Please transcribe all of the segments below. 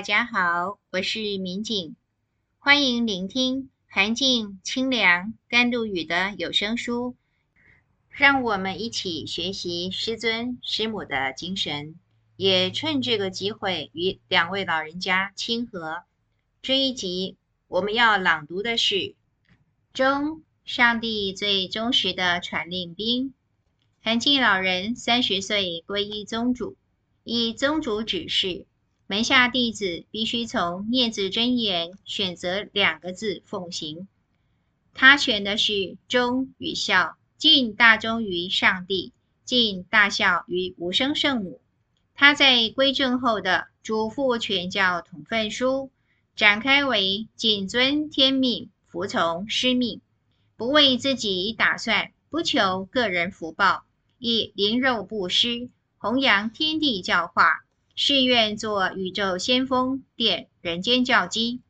大家好，我是民警，歡迎聆聽涵靜、清涼、甘露雨的有聲書。讓我們一起學習師尊、師母的精神，也趁這個機會與兩位老人家親和。這一集我們要朗讀的是《忠，上帝最忠實的傳令兵》。涵靜老人三十歲皈依宗主，以宗主指示。門下弟子必須從《廿字真言》選擇兩個字奉行。他選的是忠與孝，盡大忠於上帝，盡大孝於無聲聖母。他在歸正後的囑咐全教同奮書，展開為謹遵天命，服從師命，不為自己打算，不求個人福報，以靈肉佈施，弘揚天帝教化。誓願作宇宙先鋒，奠人間教基。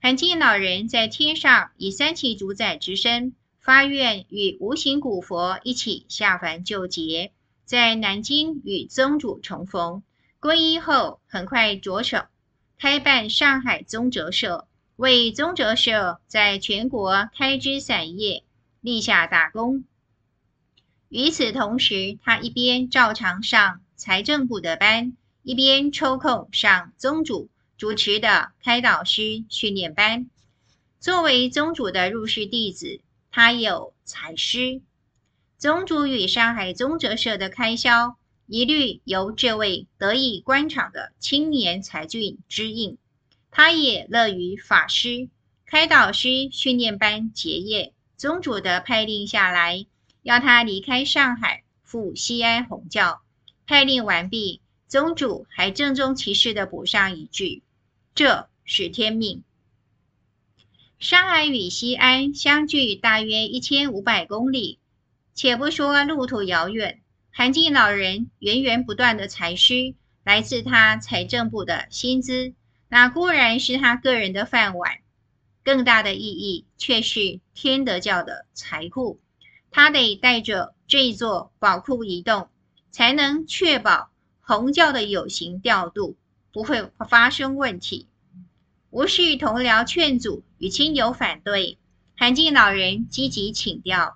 涵靜老人在天上以三期主宰之身發願，與無形古佛一起下凡救劫，在南京與宗主重逢，皈依後很快着手開辦上海宗哲社，為宗哲社在全國開枝散葉立下大功。與此同時，他一邊照常上財政部的班。一邊抽空上宗主主持的開導師訓練班。作為宗主的入室弟子，他有財施。宗主與上海宗哲社，的開銷，一律由這位得意官場的青年才俊支應。他也樂於法施。開導師訓練班結業，宗主的派令下來，要他離開上海赴西安弘教，派令完畢。宗主還鄭重其事的補上一句：“這是天命。”上海與西安相距大約一千五百公里，且不說路途遙遠，涵靜老人源源不斷的財師來自他財政部的薪資，那固然是他個人的飯碗，更大的意義卻是天德教的財庫。他得帶着這座寶庫移動，才能確保同教的有形調度不會發生問題。無視同僚勸阻與親友反對，涵靜老人積極請調。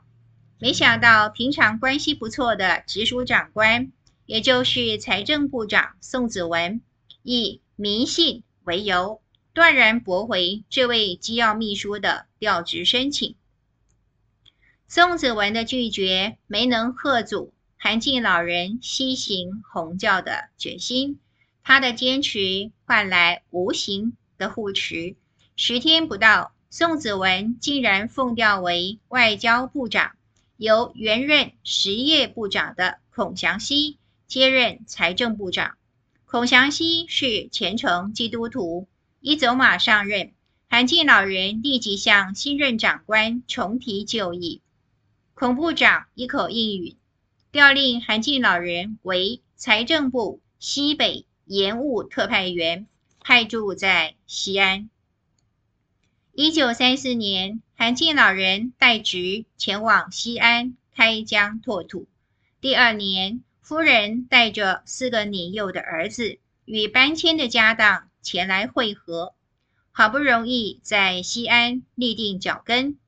沒想到平常關係不錯的直屬長官，也就是財政部長宋子文，以迷信為由，斷然駁回這位機要秘書的調職申請。宋子文的拒絕沒能喝阻。涵靜老人西行弘教的決心，他的堅持換來無形的護持。十天不到，宋子文竟然奉調為外交部長，由原任實業部長的孔祥熙接任財政部長。孔祥熙是虔誠基督徒，一走馬上任，涵靜老人立即向新任長官重提舊議，孔部長一口應允。調令涵靜老人為財政部西北鹽務特派員，派駐在西安。一九三四年，涵靜老人帶職前往西安開疆拓土。第二年，夫人帶着四個年幼的兒子與搬遷的家當前來會合，好不容易在西安立定腳跟。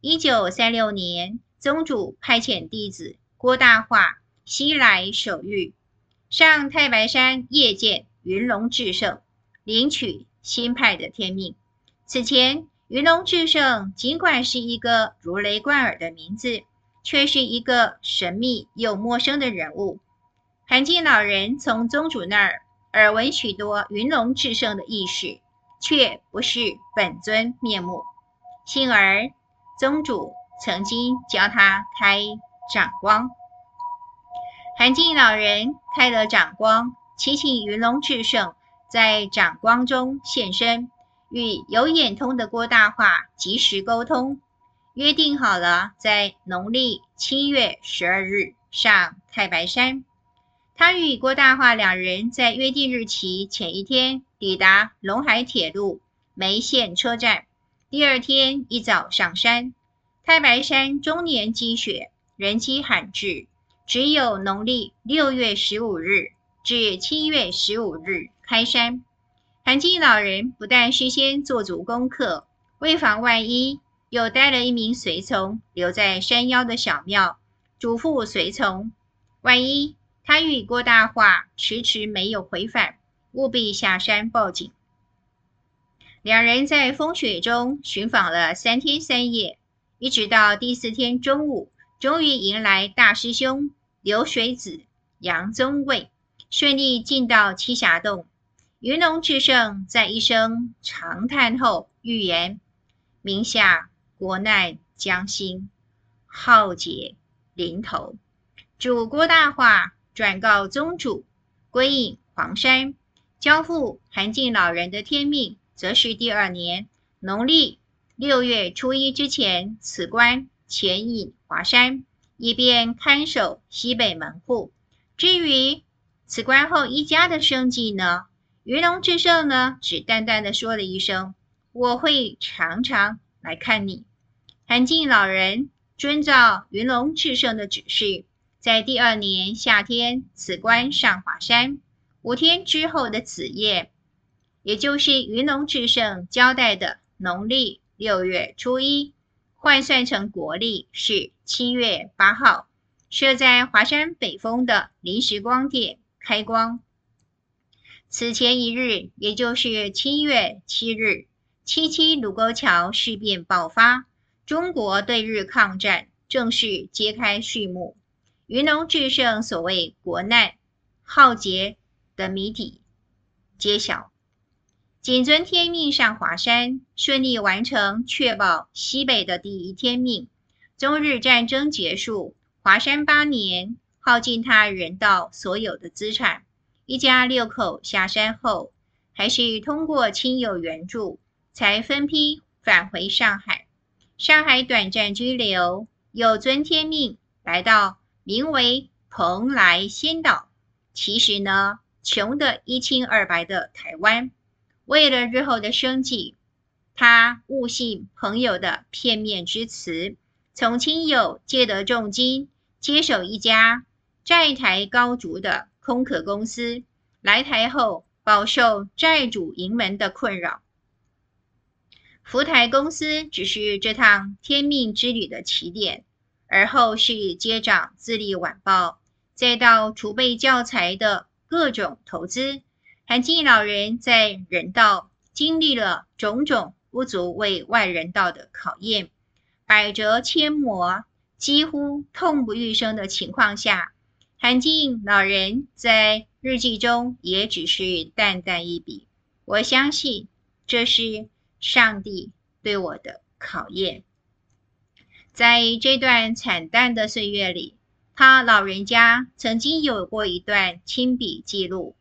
一九三六年，宗主派遣弟子。郭大化西來手諭，上太白山夜見雲龍至聖，領取新派的天命。此前，雲龍至聖儘管是一個如雷貫耳的名字，卻是一個神秘又陌生的人物。涵靜老人從宗主那兒耳聞許多雲龍至聖的軼事，卻不識本尊面目。幸而，宗主曾經教他開掌光，涵靜老人開了掌光，祈請雲龍至聖在掌光中現身，與有眼通的郭大化及時溝通，約定好了在農曆七月十二日上太白山。他與郭大化兩人在約定日期前一天抵達隴海鐵路眉縣車站，第二天一早上山。太白山終年積雪。人跡罕至，只有農曆六月十五日至七月十五日開山。涵靜老人不但事先做足功課，為防萬一，又帶了一名隨從留在山腰的小廟，囑咐隨從：萬一他與郭大化遲遲沒有回返，務必下山報警。兩人在風雪中尋訪了三天三夜，一直到第四天中午。終於迎來大師兄流水子楊宗緯順利進到棲霞洞，雲龍至聖在一聲長嘆後預言：“明夏國難將興，浩劫臨頭。”囑郭大化轉告宗主歸隱黃山，交付涵靜老人的天命，則是第二年農曆六月初一之前辭官潛隱華山，以便看守西北門戶。至於辭官後一家的生計呢？雲龍至聖呢？只淡淡的說了一聲：“我會常常來看你。”涵靜老人遵照雲龍至聖的指示，在第二年夏天辭官上華山。五天之後的子夜，也就是雲龍至聖交代的農曆六月初一。換算成國曆是七月八號，設在華山北峰的臨時光殿開光。此前一日，也就是七月七日，七七盧溝橋事變爆發，中國對日抗戰正式揭開序幕。雲龍至聖所謂國難浩劫的謎底揭曉。謹遵天命上華山，順利完成確保西北的第一天命。中日戰爭結束，華山八年耗盡他人道所有的資產，一家六口下山後，還是通過親友援助才分批返回上海。上海短暫居留，又遵天命來到名為蓬萊仙島，其實呢，窮得一清二白的台灣。為了日後的生計，他誤信朋友的片面之詞，從親友借得重金，接手一家債台高築的空殼公司。來台後，飽受債主盈門的困擾。福台公司只是這趟天命之旅的起點，而後是接掌自立晚報，再到儲備教材的各種投資。涵靜老人在人道經歷了種種不足為外人道的考驗，百折千磨，幾乎痛不欲生的情況下，涵靜老人在日記中也只是淡淡一筆。我相信這是上帝對我的考驗。在這段慘淡的歲月裡，他老人家曾經有過一段親筆記錄。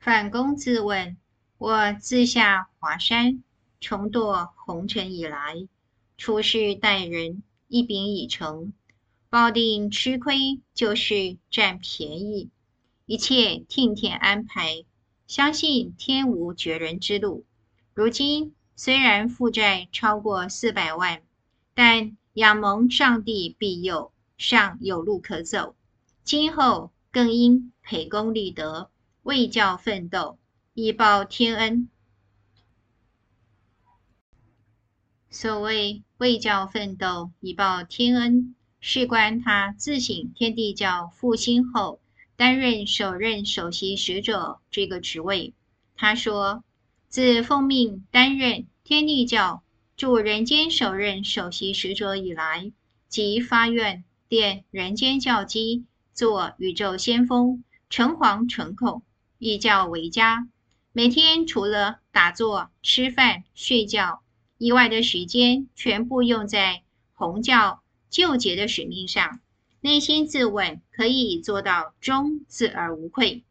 反躬自問，我自下華山，重墮紅塵以來，處事待人一秉以誠，抱定吃虧就是占便宜，一切聽天安排，相信天無絕人之路。如今雖然負債超過四百萬，但仰蒙上帝庇佑，尚有路可走。今後更應培功立德。為教奮鬥以報天恩。所謂為教奮鬥以報天恩，事關他自省天帝教復興後擔任首任首席使者這個職位。他說：“自奉命擔任天帝教駐人間首任首席使者以來，即發願奠人間教基，做宇宙先鋒，誠惶誠恐。”一教為家，每天除了打坐、吃飯、睡覺以外的時間，全部用在弘教救劫的使命上。內心自問，可以做到忠字而無愧。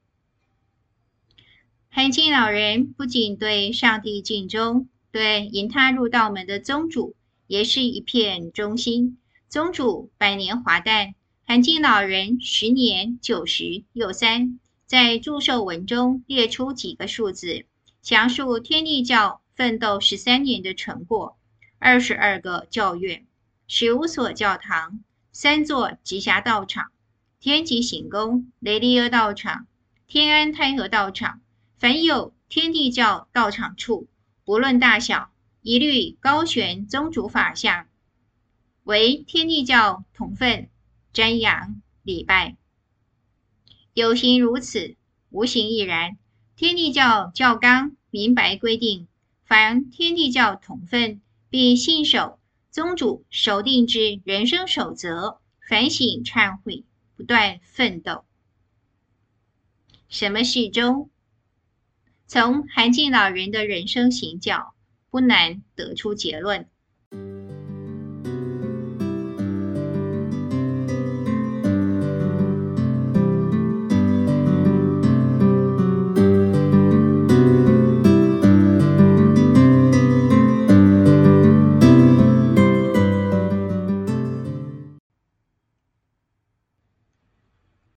涵靜老人不僅對上帝盡忠，對引他入道門的宗主也是一片忠心。宗主百年華誕，涵靜老人時年九十又三。在祝壽文中列出幾個數字，詳述天帝教奮鬥十三年的成果：二十二個教院，十五所教堂，三座直轄道場，天極行宮、雷力阿道場、天安太和道場。凡有天帝教道場處，不論大小，一律高懸宗主法像，為天帝教同奮瞻仰禮拜。有形如此，無形亦然。天帝教教綱明白規定，凡天帝教同奮必信守宗主手訂之人生守則，反省懺悔，不斷奮鬥。什麼是忠？從涵靜老人的人生行教，不難得出結論。